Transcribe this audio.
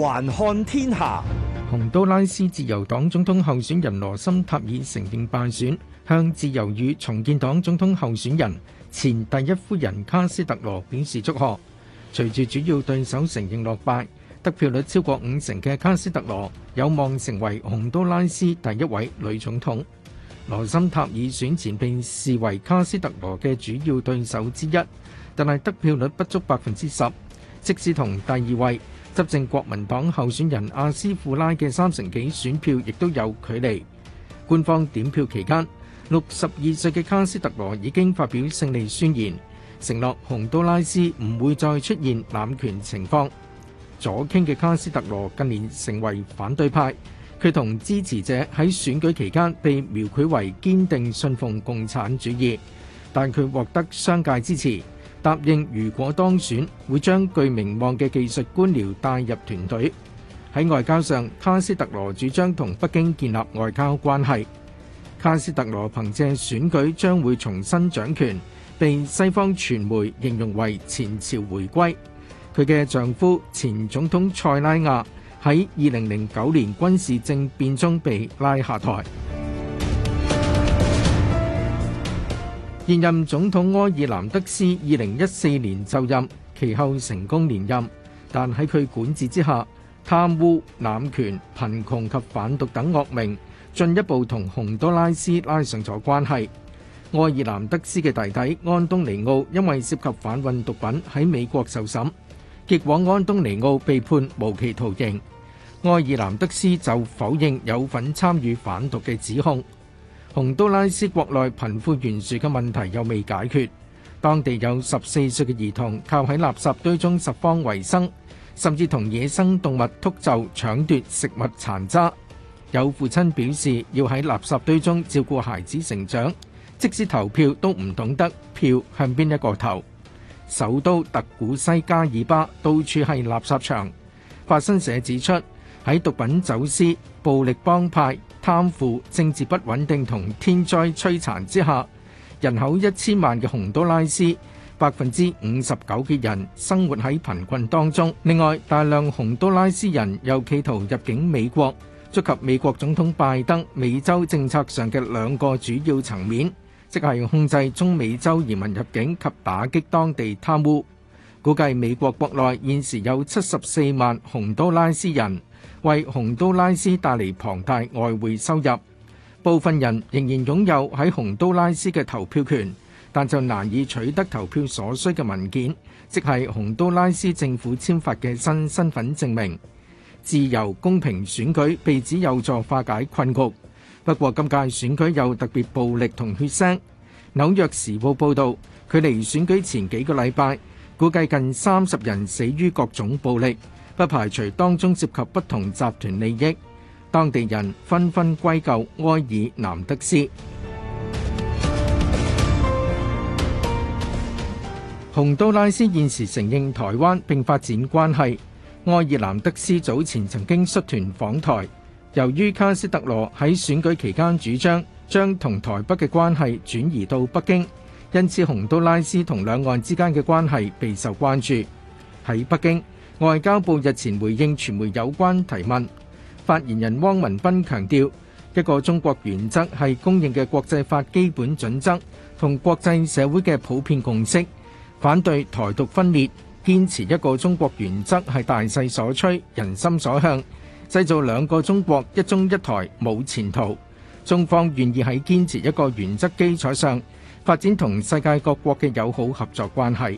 環看天下，洪都拉斯自由黨總統候選人羅森塔爾承認敗選，向自由與重建黨總統候選人、前第一夫人卡斯特羅表示祝賀。隨住主要對手承認落敗，得票率超過五成嘅卡斯特羅有望成為洪都拉斯第一位女總統。羅森塔爾選前被視為卡斯特羅嘅主要對手之一，但係得票率不足百分之十，即使同第二位。執政國民黨候選人阿斯富拉嘅三成幾選票亦都有距離。官方點票期間，六十二歲嘅卡斯特羅已經發表勝利宣言，承諾洪都拉斯唔會再出現濫權情況。左傾嘅卡斯特羅近年成為反對派，佢同支持者喺選舉期間被描繪為堅定信奉共產主義，但佢獲得商界支持。答應如果當選，會將具名望嘅技術官僚帶入團隊。喺外交上，卡斯特羅主張同北京建立外交關係。卡斯特羅憑借選舉將會重新掌權，被西方傳媒形容為前朝回歸。佢嘅丈夫前總統塞拉亞喺2009年軍事政變中被拉下台。現任總統埃爾南德斯二零一四年就任，其後成功連任，但喺佢管治之下，貪污、濫權、貧窮及販毒等惡名進一步同洪都拉斯拉上咗關係。埃爾南德斯嘅弟弟安東尼奧因為涉及販運毒品喺美國受審，結果安東尼奧被判無期徒刑。埃爾南德斯就否認有份參與販毒嘅指控。洪都拉斯國內貧富懸殊嘅問題又未解決，當地有十四歲嘅兒童靠喺垃圾堆中拾荒為生，甚至同野生動物禿鷲搶奪食物殘渣。有父親表示要喺垃圾堆中照顧孩子成長，即使投票都唔懂得票向邊一個投。首都特古西加爾巴到處係垃圾場。法新社指出。喺毒品走私、暴力幫派、貪腐、政治不穩定同天災摧殘之下，人口一千萬嘅洪都拉斯，百分之五十九嘅人生活喺貧困當中。另外，大量洪都拉斯人又企圖入境美國，觸及美國總統拜登美洲政策上嘅兩個主要層面，即係控制中美洲移民入境及打擊當地貪污。估計美國國內現時有七十四萬洪都拉斯人。為洪都拉斯帶嚟龐大外匯收入，部分人仍然擁有喺洪都拉斯嘅投票權，但就難以取得投票所需嘅文件，即係洪都拉斯政府簽發嘅新身份證明。自由公平選舉被指有助化解困局，不過今屆選舉有特別暴力同血腥。紐約時報報導，距離選舉前幾個禮拜，估計近三十人死於各種暴力。不排除當中涉及不同集團利益，當地人紛紛歸咎埃爾南德斯。洪都拉斯現時承認台灣並發展關係。埃爾南德斯早前曾經率團訪台，由於卡斯特羅喺選舉期間主張將同台北嘅關係轉移到北京，因此洪都拉斯同兩岸之間嘅關係備受關注。喺北京，外交部日前回應傳媒有關提問，發言人汪文斌強調：一個中國原則係公認嘅國際法基本準則同國際社會嘅普遍共識。反對台獨分裂，堅持一個中國原則係大勢所趨、人心所向。製造兩個中國、一中一台冇前途。中方願意喺堅持一個原則基礎上，發展同世界各國嘅友好合作關係。